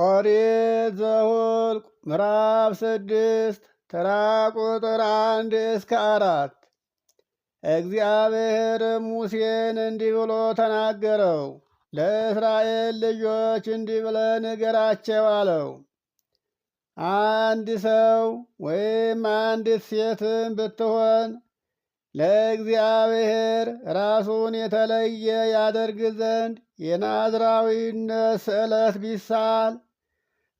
ኦሪት ዘኍልቍ ምዕራፍ ስድስት ተራ ቁጥር አንድ እስከ አራት እግዚአብሔር ሙሴን እንዲህ ብሎ ተናገረው። ለእስራኤል ልጆች እንዲህ ብለ ንገራቸው አለው። አንድ ሰው ወይም አንዲት ሴትን ብትሆን ለእግዚአብሔር ራሱን የተለየ ያደርግ ዘንድ የናዝራዊነት ስዕለት ቢሳል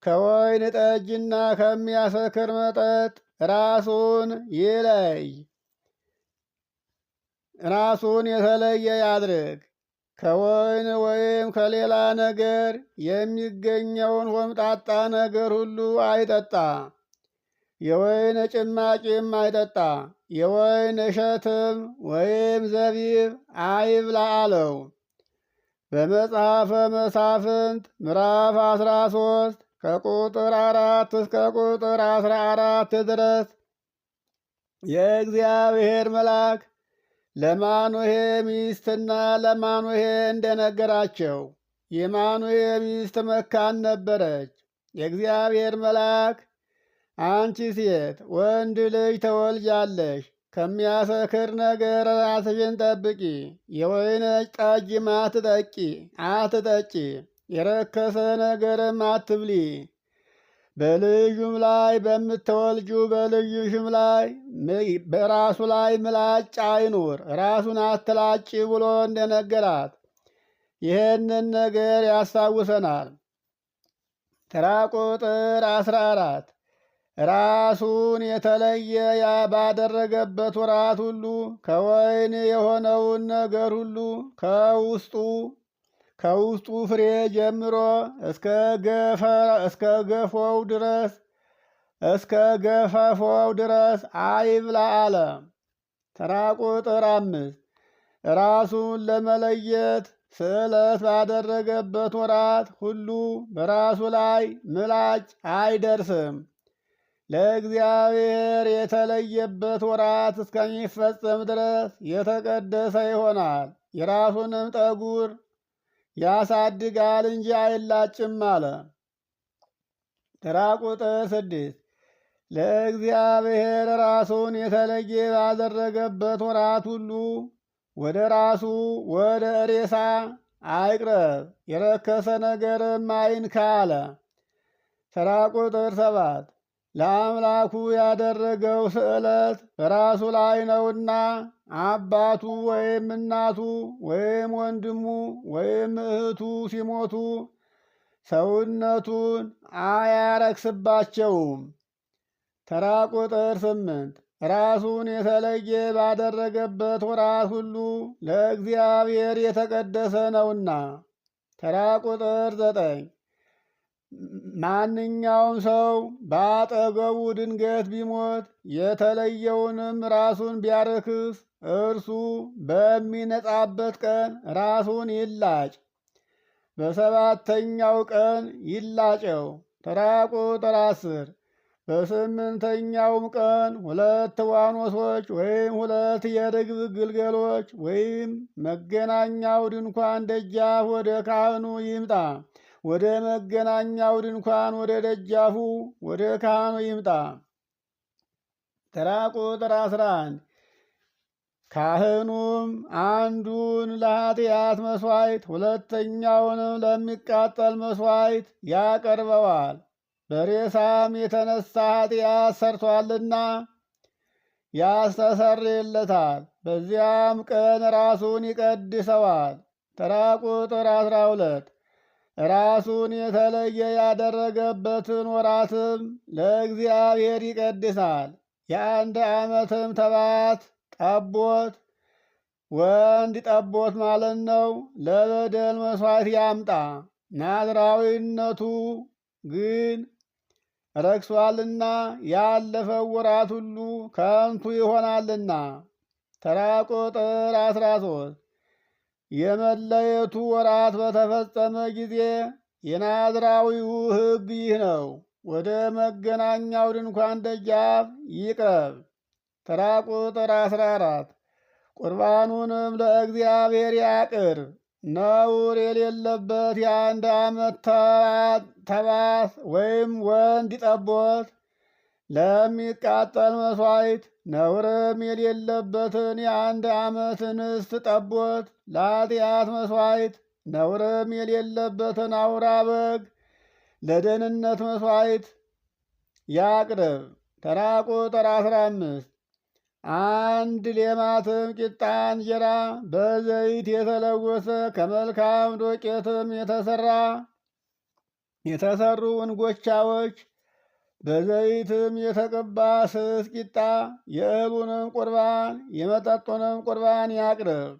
ከወይን ጠጅና ከሚያሰክር መጠጥ ራሱን ይለይ። ራሱን የተለየ ያድርግ። ከወይን ወይም ከሌላ ነገር የሚገኘውን ሆምጣጣ ነገር ሁሉ አይጠጣ፣ የወይን ጭማቂም አይጠጣ። የወይን እሸትም ወይም ዘቢብ አይብላ አለው። በመጽሐፈ መሳፍንት ምዕራፍ 13 ሶስት ከቁጥር አራት እስከ ቁጥር አስራ አራት ድረስ የእግዚአብሔር መልአክ ለማኑሄ ሚስትና ለማኑሄ እንደነገራቸው የማኑሄ ሚስት መካን ነበረች። የእግዚአብሔር መልአክ አንቺ ሴት ወንድ ልጅ ተወልጃለሽ፣ ከሚያሰክር ነገር ራስሽን ጠብቂ። የወይን ጠጅም አትጠቂ አትጠጪ፣ የረከሰ ነገርም አትብሊ። በልዩም ላይ በምትወልጁ በልዩሽም ላይ በራሱ ላይ ምላጭ አይኑር፣ ራሱን አትላጭ ብሎ እንደነገራት ይህንን ነገር ያስታውሰናል። ተራ ቁጥር አስራ አራት ራሱን የተለየ ባደረገበት ወራት ሁሉ ከወይን የሆነውን ነገር ሁሉ ከውስጡ ከውስጡ ፍሬ ጀምሮ እስከ ገፎው ድረስ እስከ ገፈፎው ድረስ አይብላ አለ። ተራ ቁጥር አምስት ራሱን ለመለየት ስዕለት ባደረገበት ወራት ሁሉ በራሱ ላይ ምላጭ አይደርስም። ለእግዚአብሔር የተለየበት ወራት እስከሚፈጸም ድረስ የተቀደሰ ይሆናል። የራሱንም ጠጉር ያሳድጋል እንጂ አይላጭም አለ። ተራ ቁጥር ስድስት ለእግዚአብሔር ራሱን የተለየ ባደረገበት ወራት ሁሉ ወደ ራሱ ወደ ሬሳ አይቅረብ፣ የረከሰ ነገርም አይንካ አለ። ተራ ቁጥር ሰባት ለአምላኩ ያደረገው ስዕለት በራሱ ላይ ነውና አባቱ ወይም እናቱ ወይም ወንድሙ ወይም እህቱ ሲሞቱ ሰውነቱን አያረክስባቸውም። ተራ ቁጥር ስምንት ራሱን የተለየ ባደረገበት ወራት ሁሉ ለእግዚአብሔር የተቀደሰ ነውና። ተራ ቁጥር ዘጠኝ ማንኛውም ሰው በአጠገቡ ድንገት ቢሞት የተለየውንም ራሱን ቢያረክስ እርሱ በሚነጻበት ቀን ራሱን ይላጭ። በሰባተኛው ቀን ይላጨው። ተራ ቁጥር አስር በስምንተኛውም ቀን ሁለት ዋኖሶች ወይም ሁለት የርግብ ግልገሎች ወይም መገናኛው ድንኳን ደጃፍ ወደ ካህኑ ይምጣ። ወደ መገናኛው ድንኳን ወደ ደጃፉ ወደ ካህኑ ይምጣ። ተራ ቁጥር አስራ አንድ ካህኑም አንዱን ለኃጢአት መስዋይት ሁለተኛውንም ለሚቃጠል መስዋይት ያቀርበዋል። በሬሳም የተነሳ ኃጢአት ሰርቷልና ያስተሰርይለታል። በዚያም ቀን ራሱን ይቀድሰዋል። ተራ ቁጥር አስራ ሁለት ራሱን የተለየ ያደረገበትን ወራትም ለእግዚአብሔር ይቀድሳል። የአንድ ዓመትም ተባት ጠቦት ወንድ ጠቦት ማለት ነው። ለበደል መስዋዕት ያምጣ። ናዝራዊነቱ ግን ረክሷልና ያለፈው ወራት ሁሉ ከንቱ ይሆናልና። ተራ ቁጥር አስራ ሶስት የመለየቱ ወራት በተፈጸመ ጊዜ የናዝራዊው ሕግ ይህ ነው። ወደ መገናኛው ድንኳን ደጃፍ ይቅረብ። ተራ ቁጥር 14 ቁርባኑንም ለእግዚአብሔር ያቅር! ነውር የሌለበት የአንድ ዓመት ተባት ወይም ወንድ ጠቦት ለሚቃጠል መስዋዕት ነውርም የሌለበትን የአንድ ዓመት እንስት ጠቦት፣ ለኃጢአት መስዋዕት ነውርም የሌለበትን አውራ በግ ለደህንነት መስዋዕት ያቅርብ። ተራ ቁጥር አስራ አምስት አንድ ሌማትም ቂጣ እንጀራ በዘይት የተለወሰ ከመልካም ዶቄትም የተሰራ የተሰሩ እንጎቻዎች በዘይትም የተቀባ ስስ ቂጣ የእህሉንም ቁርባን የመጠጡንም ቁርባን ያቅርብ።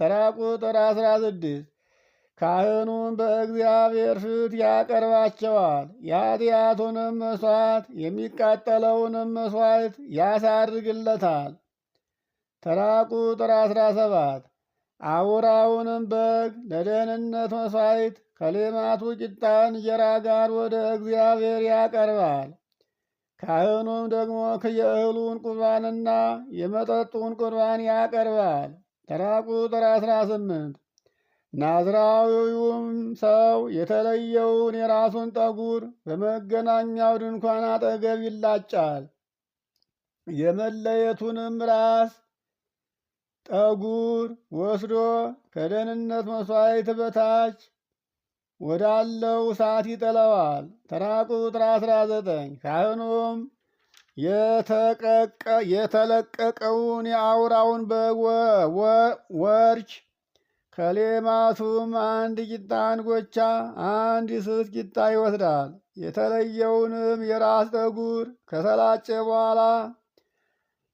ተራ ቁጥር አስራ ስድስት ካህኑም በእግዚአብሔር ፊት ያቀርባቸዋል። የኃጢአቱንም መሥዋዕት የሚቃጠለውንም መሥዋዕት ያሳርግለታል። ተራ ቁጥር አስራ ሰባት አውራውንም በግ ለደህንነት መሥዋዕት ከሌማቱ ቂጣ እንጀራ ጋር ወደ እግዚአብሔር ያቀርባል። ካህኑም ደግሞ የእህሉን ቁርባንና የመጠጡን ቁርባን ያቀርባል። ተራ ቁጥር 18 ናዝራዊውም ሰው የተለየውን የራሱን ጠጉር በመገናኛው ድንኳን አጠገብ ይላጫል። የመለየቱንም ራስ ጠጉር ወስዶ ከደህንነት መሥዋዕት በታች ወዳለው እሳት ይጠለዋል። ተራ ቁጥር ካህኑም የተለቀቀውን የአውራውን በግ ወርች ከሌማቱም አንድ ቂጣ እንጎቻ አንድ ስስ ቂጣ ይወስዳል። የተለየውንም የራስ ጠጉር ከሰላጨ በኋላ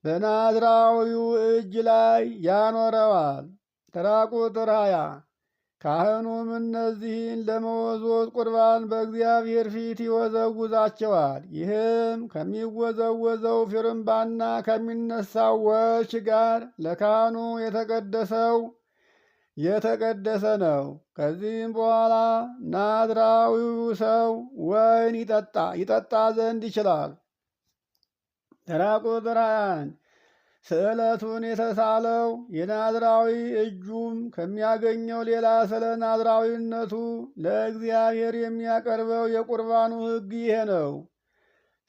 በናዝራዊው እጅ ላይ ያኖረዋል። ተራ ቁጥር ሃያ ካህኑም እነዚህን ለመወዝወዝ ቁርባን በእግዚአብሔር ፊት ይወዘውዛቸዋል። ይህም ከሚወዘወዘው ፍርምባና ከሚነሳው ወች ጋር ለካህኑ የተቀደሰው የተቀደሰ ነው። ከዚህም በኋላ ናዝራዊው ሰው ወይን ይጠጣ ይጠጣ ዘንድ ይችላል። ተራ ቁጥር 21 ስዕለቱን የተሳለው የናዝራዊ እጁም ከሚያገኘው ሌላ ስለ ናዝራዊነቱ ለእግዚአብሔር የሚያቀርበው የቁርባኑ ሕግ ይሄ ነው።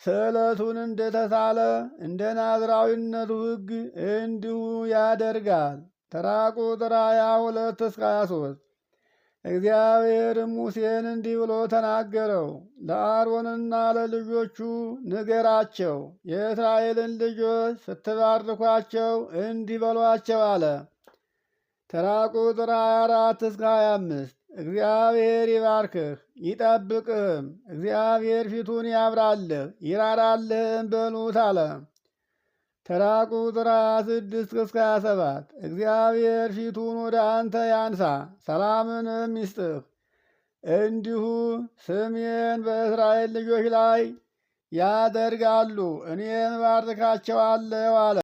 ስዕለቱን እንደተሳለ እንደ ናዝራዊነቱ ሕግ እንዲሁ ያደርጋል። ተራ ቁጥር ሁለት እስከ 23 እግዚአብሔር ሙሴን እንዲህ ብሎ ተናገረው፣ ለአሮንና ለልጆቹ ንገራቸው፣ የእስራኤልን ልጆች ስትባርኳቸው እንዲህ በሏቸው አለ። ተራ ቁጥር 24 እስከ 25 እግዚአብሔር ይባርክህ ይጠብቅህም፣ እግዚአብሔር ፊቱን ያብራልህ ይራራልህም በሉት አለ። ተራ ቁጥር ስድስት እስከ ሰባት እግዚአብሔር ፊቱን ወደ አንተ ያንሳ ሰላምንም ይስጥህ። እንዲሁ ስሜን በእስራኤል ልጆች ላይ ያደርጋሉ እኔን ባርካቸዋለሁ አለ።